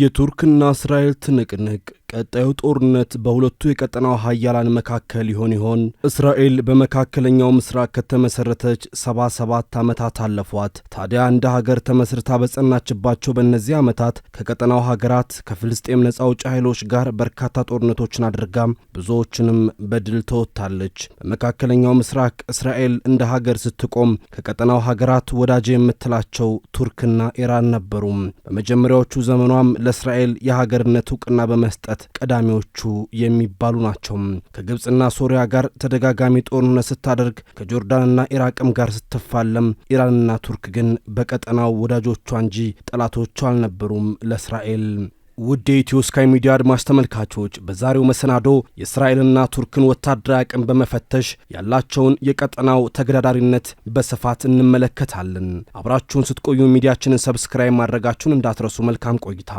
የቱርክና እስራኤል ትንቅንቅ ቀጣዩ ጦርነት በሁለቱ የቀጠናው ሀያላን መካከል ይሆን ይሆን? እስራኤል በመካከለኛው ምስራቅ ከተመሰረተች 77 ዓመታት አለፏት። ታዲያ እንደ ሀገር ተመስርታ በጸናችባቸው በእነዚህ ዓመታት ከቀጠናው ሀገራት ከፍልስጤም ነጻ አውጪ ኃይሎች ጋር በርካታ ጦርነቶችን አድርጋም ብዙዎችንም በድል ተወጥታለች። በመካከለኛው ምስራቅ እስራኤል እንደ ሀገር ስትቆም ከቀጠናው ሀገራት ወዳጅ የምትላቸው ቱርክና ኢራን ነበሩም። በመጀመሪያዎቹ ዘመኗም ለእስራኤል የሀገርነት እውቅና በመስጠት ሀገራት ቀዳሚዎቹ የሚባሉ ናቸው። ከግብፅና ሶሪያ ጋር ተደጋጋሚ ጦርነት ስታደርግ፣ ከጆርዳንና ኢራቅም ጋር ስትፋለም፣ ኢራንና ቱርክ ግን በቀጠናው ወዳጆቿ እንጂ ጠላቶቿ አልነበሩም ለእስራኤል። ውድ የኢትዮ ስካይ ሚዲያ አድማጭ ተመልካቾች በዛሬው መሰናዶ የእስራኤልና ቱርክን ወታደራዊ አቅም በመፈተሽ ያላቸውን የቀጠናው ተገዳዳሪነት በስፋት እንመለከታለን። አብራችሁን ስትቆዩ ሚዲያችንን ሰብስክራይብ ማድረጋችሁን እንዳትረሱ። መልካም ቆይታ።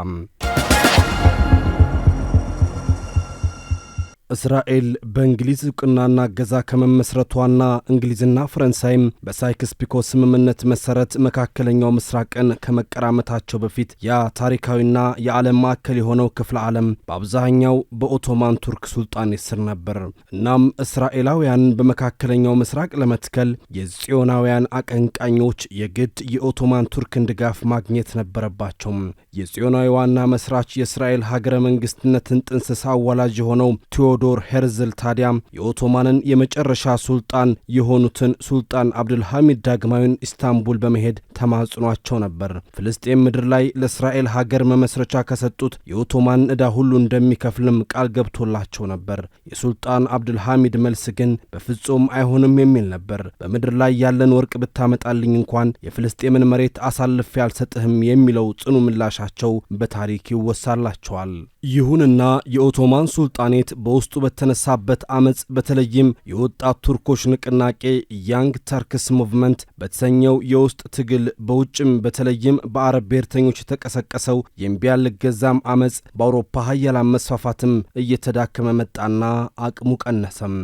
እስራኤል በእንግሊዝ እውቅናና እገዛ ከመመስረቷና እንግሊዝና ፈረንሳይም በሳይክስ ፒኮ ስምምነት መሰረት መካከለኛው ምስራቅን ከመቀራመታቸው በፊት ያ ታሪካዊና የዓለም ማዕከል የሆነው ክፍለ ዓለም በአብዛኛው በኦቶማን ቱርክ ሱልጣኔ ስር ነበር። እናም እስራኤላውያን በመካከለኛው ምስራቅ ለመትከል የጽዮናውያን አቀንቃኞች የግድ የኦቶማን ቱርክን ድጋፍ ማግኘት ነበረባቸው። የጽዮናዊ ዋና መስራች የእስራኤል ሀገረ መንግስትነትን ጥንስሳ አዋላጅ የሆነው ቴዎ ቴዎዶር ሄርዝል ታዲያ የኦቶማንን የመጨረሻ ሱልጣን የሆኑትን ሱልጣን አብዱልሐሚድ ዳግማዊን ኢስታንቡል በመሄድ ተማጽኗቸው ነበር። ፍልስጤም ምድር ላይ ለእስራኤል ሀገር መመስረቻ ከሰጡት የኦቶማን ዕዳ ሁሉ እንደሚከፍልም ቃል ገብቶላቸው ነበር። የሱልጣን አብዱልሐሚድ መልስ ግን በፍጹም አይሆንም የሚል ነበር። በምድር ላይ ያለን ወርቅ ብታመጣልኝ እንኳን የፍልስጤምን መሬት አሳልፌ አልሰጥህም የሚለው ጽኑ ምላሻቸው በታሪክ ይወሳላቸዋል። ይሁንና የኦቶማን ሱልጣኔት በውስጡ በተነሳበት አመፅ በተለይም የወጣት ቱርኮች ንቅናቄ ያንግ ተርክስ ሙቭመንት በተሰኘው የውስጥ ትግል በውጭም በተለይም በአረብ ብሔርተኞች የተቀሰቀሰው የእምቢ አልገዛም አመፅ በአውሮፓ ሀያላን መስፋፋትም እየተዳከመ መጣና አቅሙ ቀነሰም።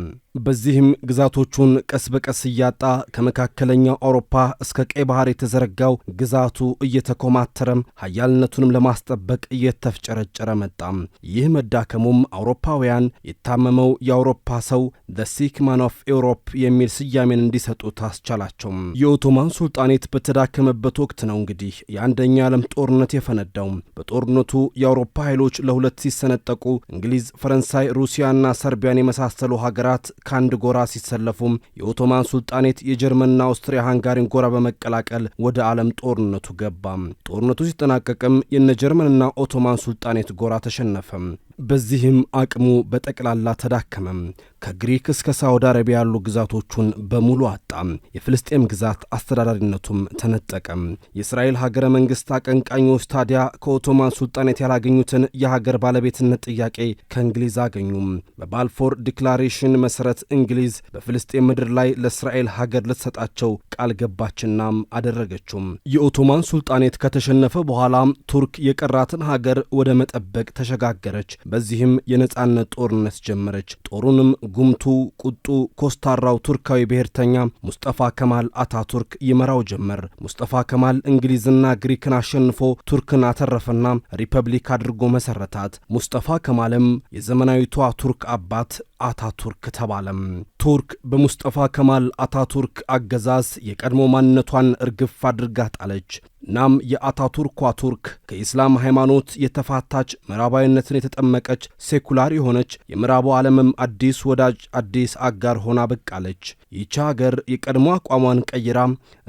በዚህም ግዛቶቹን ቀስ በቀስ እያጣ ከመካከለኛው አውሮፓ እስከ ቀይ ባህር የተዘረጋው ግዛቱ እየተኮማተረም ሀያልነቱንም ለማስጠበቅ እየተፍጨረጨረ መጣም። ይህ መዳከሙም አውሮፓውያን የታመመው የአውሮፓ ሰው ደ ሲክ ማን ኦፍ ኤውሮፕ የሚል ስያሜን እንዲሰጡት አስቻላቸውም። የኦቶማን ሱልጣኔት በተዳከመበት ወቅት ነው እንግዲህ የአንደኛ ዓለም ጦርነት የፈነዳው። በጦርነቱ የአውሮፓ ኃይሎች ለሁለት ሲሰነጠቁ እንግሊዝ፣ ፈረንሳይ፣ ሩሲያና ሰርቢያን የመሳሰሉ ሀገራት ከአንድ ጎራ ሲሰለፉም የኦቶማን ሱልጣኔት የጀርመንና አውስትሪያ ሃንጋሪን ጎራ በመቀላቀል ወደ ዓለም ጦርነቱ ገባ ጦርነቱ ሲጠናቀቅም የነ ጀርመንና ኦቶማን ሱልጣኔት ጎራ ተሸነፈም። በዚህም አቅሙ በጠቅላላ ተዳከመም። ከግሪክ እስከ ሳውዲ አረቢያ ያሉ ግዛቶቹን በሙሉ አጣም። የፍልስጤም ግዛት አስተዳዳሪነቱም ተነጠቀም። የእስራኤል ሀገረ መንግሥት አቀንቃኞች ታዲያ ከኦቶማን ሱልጣኔት ያላገኙትን የሀገር ባለቤትነት ጥያቄ ከእንግሊዝ አገኙም። በባልፎር ዲክላሬሽን መሠረት እንግሊዝ በፍልስጤም ምድር ላይ ለእስራኤል ሀገር ልትሰጣቸው ቃል ገባችናም አደረገችም። የኦቶማን ሱልጣኔት ከተሸነፈ በኋላ ቱርክ የቀራትን ሀገር ወደ መጠበቅ ተሸጋገረች። በዚህም የነጻነት ጦርነት ጀመረች። ጦሩንም ጉምቱ፣ ቁጡ፣ ኮስታራው ቱርካዊ ብሔርተኛ ሙስጠፋ ከማል አታቱርክ ይመራው ጀመር። ሙስጠፋ ከማል እንግሊዝና ግሪክን አሸንፎ ቱርክን አተረፈና ሪፐብሊክ አድርጎ መሰረታት። ሙስጠፋ ከማልም የዘመናዊቷ ቱርክ አባት አታቱርክ ተባለም። ቱርክ በሙስጠፋ ከማል አታቱርክ አገዛዝ የቀድሞ ማንነቷን እርግፍ አድርጋ ጣለች። እናም የአታቱርኳ ቱርክ ከኢስላም ሃይማኖት የተፋታች ምዕራባዊነትን የተጠመቀች ሴኩላር የሆነች የምዕራቡ ዓለምም አዲስ ወዳጅ አዲስ አጋር ሆና በቃለች። ይቺ ሀገር የቀድሞ አቋሟን ቀይራ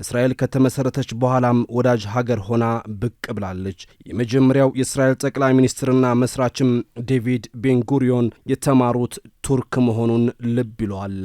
እስራኤል ከተመሠረተች በኋላም ወዳጅ ሀገር ሆና ብቅ ብላለች። የመጀመሪያው የእስራኤል ጠቅላይ ሚኒስትርና መስራችም ዴቪድ ቤንጉሪዮን የተማሩት ቱርክ መሆኑን ልብ ይለዋል።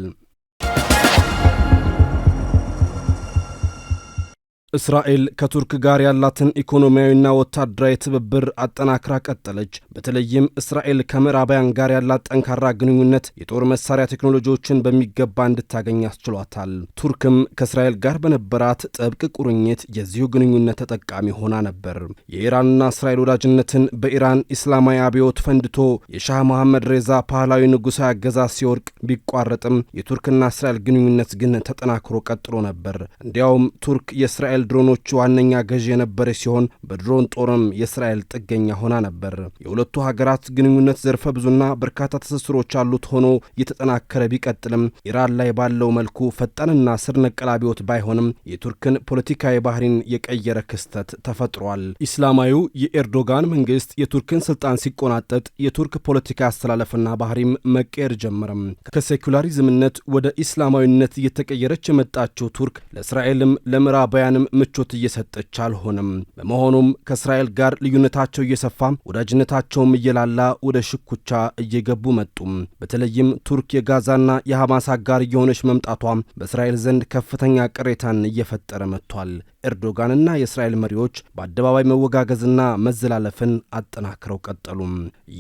እስራኤል ከቱርክ ጋር ያላትን ኢኮኖሚያዊና ወታደራዊ ትብብር አጠናክራ ቀጠለች። በተለይም እስራኤል ከምዕራባውያን ጋር ያላት ጠንካራ ግንኙነት የጦር መሳሪያ ቴክኖሎጂዎችን በሚገባ እንድታገኝ አስችሏታል። ቱርክም ከእስራኤል ጋር በነበራት ጥብቅ ቁርኝት የዚሁ ግንኙነት ተጠቃሚ ሆና ነበር። የኢራንና እስራኤል ወዳጅነትን በኢራን ኢስላማዊ አብዮት ፈንድቶ የሻህ መሐመድ ሬዛ ፓህላዊ ንጉሣዊ አገዛዝ ሲወርቅ ቢቋረጥም የቱርክና እስራኤል ግንኙነት ግን ተጠናክሮ ቀጥሎ ነበር። እንዲያውም ቱርክ የእስራኤል ድሮኖቹ ዋነኛ ገዢ የነበረ ሲሆን በድሮን ጦርም የእስራኤል ጥገኛ ሆና ነበር። የሁለቱ ሀገራት ግንኙነት ዘርፈ ብዙና በርካታ ትስስሮች አሉት ሆኖ እየተጠናከረ ቢቀጥልም ኢራን ላይ ባለው መልኩ ፈጣንና ስር ነቀል አብዮት ባይሆንም የቱርክን ፖለቲካዊ ባህሪን የቀየረ ክስተት ተፈጥሯል። ኢስላማዊው የኤርዶጋን መንግስት የቱርክን ስልጣን ሲቆናጠጥ የቱርክ ፖለቲካ አስተላለፍና ባህሪም መቀየር ጀመረም። ከሴኩላሪዝምነት ወደ ኢስላማዊነት እየተቀየረች የመጣችው ቱርክ ለእስራኤልም ለምዕራባውያንም ምቾት እየሰጠች አልሆነም። በመሆኑም ከእስራኤል ጋር ልዩነታቸው እየሰፋ ወዳጅነታቸውም እየላላ ወደ ሽኩቻ እየገቡ መጡም። በተለይም ቱርክ የጋዛና የሐማስ አጋር እየሆነች መምጣቷ በእስራኤል ዘንድ ከፍተኛ ቅሬታን እየፈጠረ መጥቷል። ኤርዶጋንና የእስራኤል መሪዎች በአደባባይ መወጋገዝና መዘላለፍን አጠናክረው ቀጠሉም።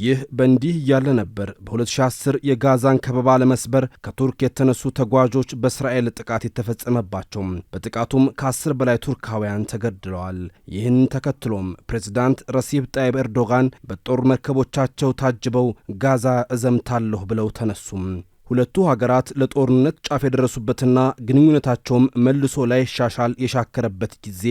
ይህ በእንዲህ እያለ ነበር በ2010 የጋዛን ከበባ ለመስበር ከቱርክ የተነሱ ተጓዦች በእስራኤል ጥቃት የተፈጸመባቸው። በጥቃቱም ከአስር በላይ ቱርካውያን ተገድለዋል። ይህን ተከትሎም ፕሬዚዳንት ረሲብ ጣይብ ኤርዶጋን በጦር መርከቦቻቸው ታጅበው ጋዛ እዘምታለሁ ብለው ተነሱም። ሁለቱ ሀገራት ለጦርነት ጫፍ የደረሱበትና ግንኙነታቸውም መልሶ ላይሻሻል የሻከረበት ጊዜ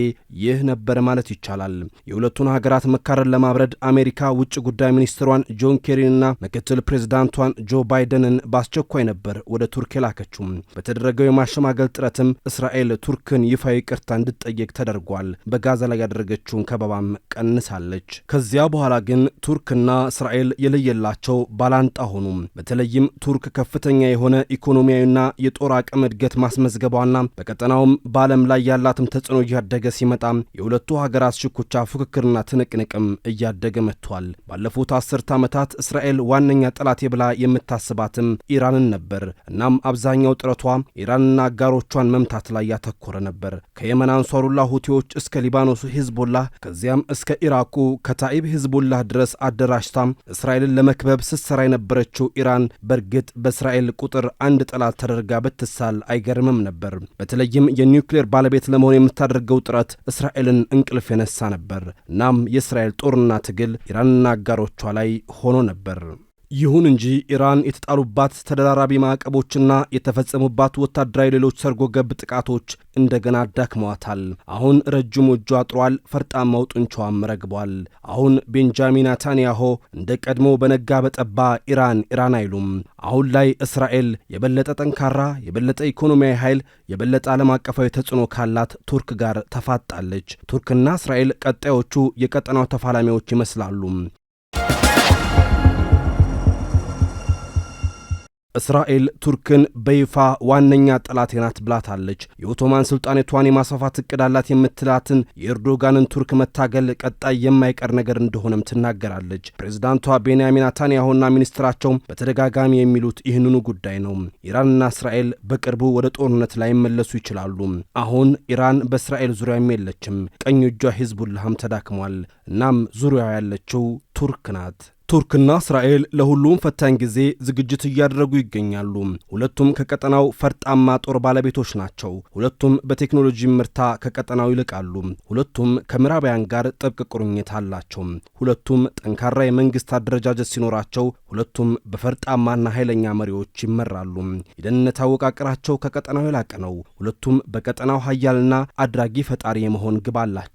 ይህ ነበር ማለት ይቻላል። የሁለቱን ሀገራት መካረር ለማብረድ አሜሪካ ውጭ ጉዳይ ሚኒስትሯን ጆን ኬሪንና ምክትል ፕሬዚዳንቷን ጆ ባይደንን በአስቸኳይ ነበር ወደ ቱርክ የላከችው። በተደረገው የማሸማገል ጥረትም እስራኤል ቱርክን ይፋ ይቅርታ እንድትጠየቅ ተደርጓል። በጋዛ ላይ ያደረገችውን ከበባም ቀንሳለች። ከዚያ በኋላ ግን ቱርክና እስራኤል የለየላቸው ባላንጣ ሆኑ። በተለይም ቱርክ ከፍ ከፍተኛ የሆነ ኢኮኖሚያዊና የጦር አቅም እድገት ማስመዝገቧና በቀጠናውም በዓለም ላይ ያላትም ተጽዕኖ እያደገ ሲመጣ የሁለቱ ሀገራት ሽኩቻ፣ ፉክክርና ትንቅንቅም እያደገ መጥቷል። ባለፉት አስርት ዓመታት እስራኤል ዋነኛ ጠላቴ ብላ የምታስባትም ኢራንን ነበር። እናም አብዛኛው ጥረቷ ኢራንና አጋሮቿን መምታት ላይ ያተኮረ ነበር። ከየመን አንሷሩላ ሁቴዎች እስከ ሊባኖሱ ሂዝቡላህ፣ ከዚያም እስከ ኢራቁ ከታኢብ ሂዝቡላህ ድረስ አደራሽታ እስራኤልን ለመክበብ ስትሰራ የነበረችው ኢራን በእርግጥ በእስራኤል እስራኤል ቁጥር አንድ ጠላት ተደርጋ ብትሳል አይገርምም ነበር። በተለይም የኒውክሌር ባለቤት ለመሆን የምታደርገው ጥረት እስራኤልን እንቅልፍ የነሳ ነበር። እናም የእስራኤል ጦርና ትግል ኢራንና አጋሮቿ ላይ ሆኖ ነበር። ይሁን እንጂ ኢራን የተጣሉባት ተደራራቢ ማዕቀቦችና የተፈጸሙባት ወታደራዊ ሌሎች ሰርጎ ገብ ጥቃቶች እንደገና አዳክመዋታል። አሁን ረጅሙ እጇ አጥሯል፣ ፈርጣማው ጡንቻዋም ረግቧል። አሁን ቤንጃሚን ናታንያሆ እንደ ቀድሞ በነጋ በጠባ ኢራን ኢራን አይሉም። አሁን ላይ እስራኤል የበለጠ ጠንካራ፣ የበለጠ ኢኮኖሚያዊ ኃይል፣ የበለጠ ዓለም አቀፋዊ ተጽዕኖ ካላት ቱርክ ጋር ተፋጣለች። ቱርክና እስራኤል ቀጣዮቹ የቀጠናው ተፋላሚዎች ይመስላሉ። እስራኤል ቱርክን በይፋ ዋነኛ ጠላቴ ናት ብላታለች። የኦቶማን ስልጣኔቷን የማስፋፋት እቅድ አላት የምትላትን የኤርዶጋንን ቱርክ መታገል ቀጣይ የማይቀር ነገር እንደሆነም ትናገራለች። ፕሬዚዳንቷ ቤንያሚን ናታንያሁና ሚኒስትራቸውም በተደጋጋሚ የሚሉት ይህንኑ ጉዳይ ነው። ኢራንና እስራኤል በቅርቡ ወደ ጦርነት ላይ መለሱ ይችላሉ። አሁን ኢራን በእስራኤል ዙሪያም የለችም። ቀኝ እጇ ሂዝቡላህም ተዳክሟል። እናም ዙሪያ ያለችው ቱርክ ናት። ቱርክና እስራኤል ለሁሉም ፈታኝ ጊዜ ዝግጅት እያደረጉ ይገኛሉ። ሁለቱም ከቀጠናው ፈርጣማ ጦር ባለቤቶች ናቸው። ሁለቱም በቴክኖሎጂ ምርታ ከቀጠናው ይልቃሉ። ሁለቱም ከምዕራባውያን ጋር ጥብቅ ቁርኝት አላቸው። ሁለቱም ጠንካራ የመንግስት አደረጃጀት ሲኖራቸው፣ ሁለቱም በፈርጣማና ኃይለኛ መሪዎች ይመራሉ። የደህንነት አወቃቀራቸው ከቀጠናው የላቀ ነው። ሁለቱም በቀጠናው ሀያልና አድራጊ ፈጣሪ የመሆን ግብ አላቸው።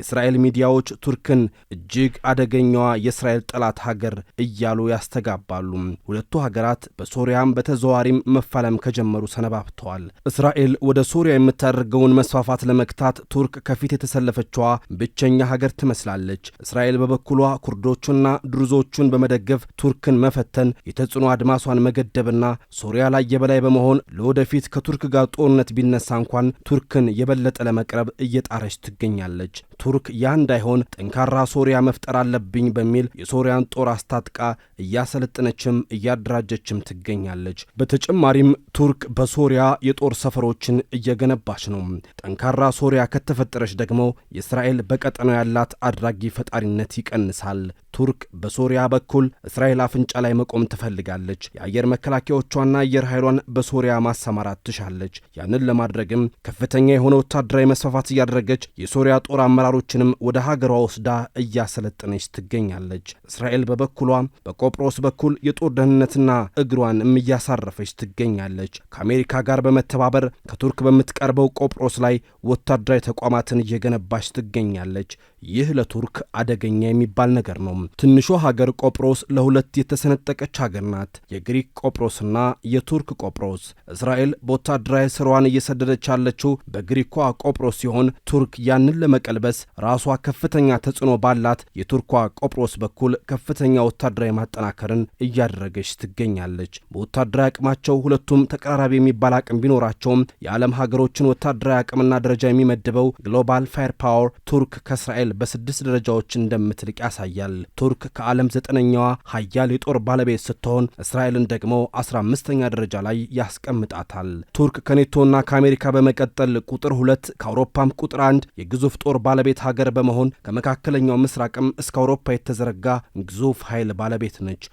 የእስራኤል ሚዲያዎች ቱርክን እጅግ አደገኛዋ የእስራኤል ጠላት ሀገር እያሉ ያስተጋባሉ። ሁለቱ ሀገራት በሶሪያም በተዘዋሪም መፋለም ከጀመሩ ሰነባብተዋል። እስራኤል ወደ ሶሪያ የምታደርገውን መስፋፋት ለመግታት ቱርክ ከፊት የተሰለፈችዋ ብቸኛ ሀገር ትመስላለች። እስራኤል በበኩሏ ኩርዶቹና ድሩዞቹን በመደገፍ ቱርክን መፈተን፣ የተጽዕኖ አድማሷን መገደብና ሶሪያ ላይ የበላይ በመሆን ለወደፊት ከቱርክ ጋር ጦርነት ቢነሳ እንኳን ቱርክን የበለጠ ለመቅረብ እየጣረች ትገኛለች። ቱርክ ያ እንዳይሆን ጠንካራ ሶሪያ መፍጠር አለብኝ በሚል የሶሪያን ጦር አስታጥቃ እያሰለጠነችም እያደራጀችም ትገኛለች። በተጨማሪም ቱርክ በሶሪያ የጦር ሰፈሮችን እየገነባች ነው። ጠንካራ ሶሪያ ከተፈጠረች ደግሞ የእስራኤል በቀጠናው ያላት አድራጊ ፈጣሪነት ይቀንሳል። ቱርክ በሶሪያ በኩል እስራኤል አፍንጫ ላይ መቆም ትፈልጋለች። የአየር መከላከያዎቿና አየር ኃይሏን በሶሪያ ማሰማራት ትሻለች። ያንን ለማድረግም ከፍተኛ የሆነ ወታደራዊ መስፋፋት እያደረገች የሶሪያ ጦር አመራሮችንም ወደ ሀገሯ ወስዳ እያሰለጠነች ትገኛለች። እስራኤል በበኩሏ በቆጵሮስ በኩል የጦር ደህንነትና እግሯንም እያሳረፈች ትገኛለች። ከአሜሪካ ጋር በመተባበር ከቱርክ በምትቀርበው ቆጵሮስ ላይ ወታደራዊ ተቋማትን እየገነባች ትገኛለች። ይህ ለቱርክ አደገኛ የሚባል ነገር ነው። ትንሿ ሀገር ቆጵሮስ ለሁለት የተሰነጠቀች ሀገር ናት። የግሪክ ቆጵሮስና የቱርክ ቆጵሮስ። እስራኤል በወታደራዊ ስሯን እየሰደደች ያለችው በግሪኳ ቆጵሮስ ሲሆን ቱርክ ያንን ለመቀልበስ ራሷ ከፍተኛ ተጽዕኖ ባላት የቱርኳ ቆጵሮስ በኩል ከፍተኛ ወታደራዊ ማጠናከርን እያደረገች ትገኛለች። በወታደራዊ አቅማቸው ሁለቱም ተቀራራቢ የሚባል አቅም ቢኖራቸውም የዓለም ሀገሮችን ወታደራዊ አቅምና ደረጃ የሚመድበው ግሎባል ፋየር ፓወር ቱርክ ከእስራኤል በስድስት ደረጃዎች እንደምትልቅ ያሳያል። ቱርክ ከዓለም ዘጠነኛዋ ሀያል የጦር ባለቤት ስትሆን እስራኤልን ደግሞ አስራ አምስተኛ ደረጃ ላይ ያስቀምጣታል። ቱርክ ከኔቶና ከአሜሪካ በመቀጠል ቁጥር ሁለት ከአውሮፓም ቁጥር አንድ የግዙፍ ጦር ባለቤት ሀገር በመሆን ከመካከለኛው ምስራቅም እስከ አውሮፓ የተዘረጋ ግዙፍ ኃይል ባለቤት ነች።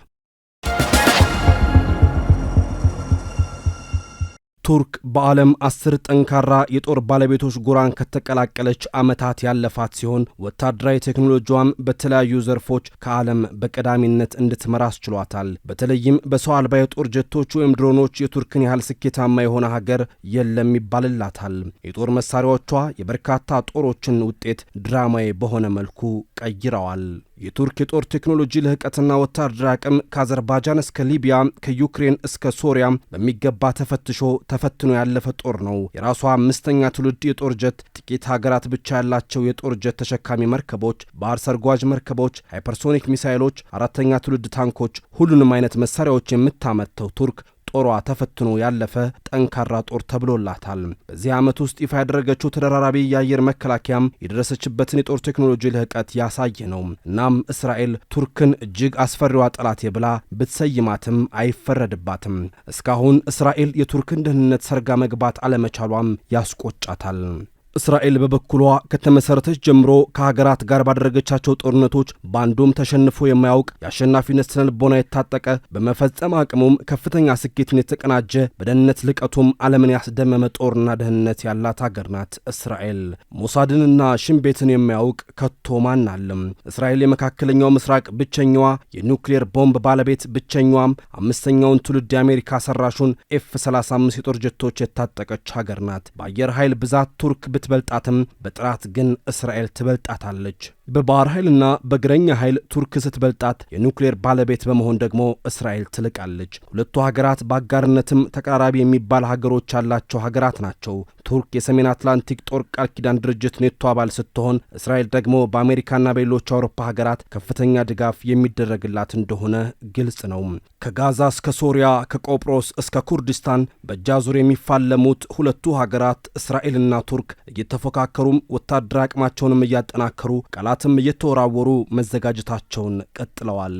ቱርክ በዓለም አስር ጠንካራ የጦር ባለቤቶች ጎራን ከተቀላቀለች ዓመታት ያለፋት ሲሆን ወታደራዊ ቴክኖሎጂዋም በተለያዩ ዘርፎች ከዓለም በቀዳሚነት እንድትመራ አስችሏታል። በተለይም በሰው አልባ የጦር ጀቶች ወይም ድሮኖች የቱርክን ያህል ስኬታማ የሆነ ሀገር የለም ይባልላታል። የጦር መሳሪያዎቿ የበርካታ ጦሮችን ውጤት ድራማዊ በሆነ መልኩ ቀይረዋል። የቱርክ የጦር ቴክኖሎጂ ልህቀትና ወታደር አቅም ከአዘርባጃን እስከ ሊቢያ ከዩክሬን እስከ ሶሪያ በሚገባ ተፈትሾ ተፈትኖ ያለፈ ጦር ነው። የራሷ አምስተኛ ትውልድ የጦር ጀት፣ ጥቂት ሀገራት ብቻ ያላቸው የጦር ጀት ተሸካሚ መርከቦች፣ ባህር ሰርጓጅ መርከቦች፣ ሃይፐርሶኒክ ሚሳይሎች፣ አራተኛ ትውልድ ታንኮች፣ ሁሉንም አይነት መሳሪያዎች የምታመርተው ቱርክ ጦሯ ተፈትኖ ያለፈ ጠንካራ ጦር ተብሎላታል። በዚህ ዓመት ውስጥ ይፋ ያደረገችው ተደራራቢ የአየር መከላከያም የደረሰችበትን የጦር ቴክኖሎጂ ልህቀት ያሳየ ነው። እናም እስራኤል ቱርክን እጅግ አስፈሪዋ ጠላቴ ብላ ብትሰይማትም አይፈረድባትም። እስካሁን እስራኤል የቱርክን ደህንነት ሰርጋ መግባት አለመቻሏም ያስቆጫታል። እስራኤል በበኩሏ ከተመሠረተች ጀምሮ ከሀገራት ጋር ባደረገቻቸው ጦርነቶች በአንዱም ተሸንፎ የማያውቅ የአሸናፊነት ስነልቦና የታጠቀ በመፈጸም አቅሙም ከፍተኛ ስኬትን የተቀናጀ በደህንነት ልቀቱም ዓለምን ያስደመመ ጦርና ደህንነት ያላት ሀገር ናት እስራኤል። ሞሳድንና ሽንቤትን የማያውቅ ከቶ ማን አለም። እስራኤል የመካከለኛው ምስራቅ ብቸኛዋ የኒውክሌር ቦምብ ባለቤት ብቸኛዋም አምስተኛውን ትውልድ የአሜሪካ ሰራሹን ኤፍ 35 የጦር ጀቶች የታጠቀች ሀገር ናት። በአየር ኃይል ብዛት ቱርክ ብትበልጣትም በጥራት ግን እስራኤል ትበልጣታለች። በባህር ኃይልና በእግረኛ ኃይል ቱርክ ስትበልጣት የኒውክሌር ባለቤት በመሆን ደግሞ እስራኤል ትልቃለች። ሁለቱ ሀገራት በአጋርነትም ተቀራራቢ የሚባል ሀገሮች ያላቸው ሀገራት ናቸው። ቱርክ የሰሜን አትላንቲክ ጦር ቃል ኪዳን ድርጅት ኔቶ አባል ስትሆን እስራኤል ደግሞ በአሜሪካና በሌሎች አውሮፓ ሀገራት ከፍተኛ ድጋፍ የሚደረግላት እንደሆነ ግልጽ ነው። ከጋዛ እስከ ሶሪያ፣ ከቆጵሮስ እስከ ኩርዲስታን ዙር የሚፋለሙት ሁለቱ ሀገራት እስራኤልና ቱርክ እየተፎካከሩም ወታደራዊ አቅማቸውንም እያጠናከሩ ቃላት ቃላትም እየተወራወሩ መዘጋጀታቸውን ቀጥለዋል።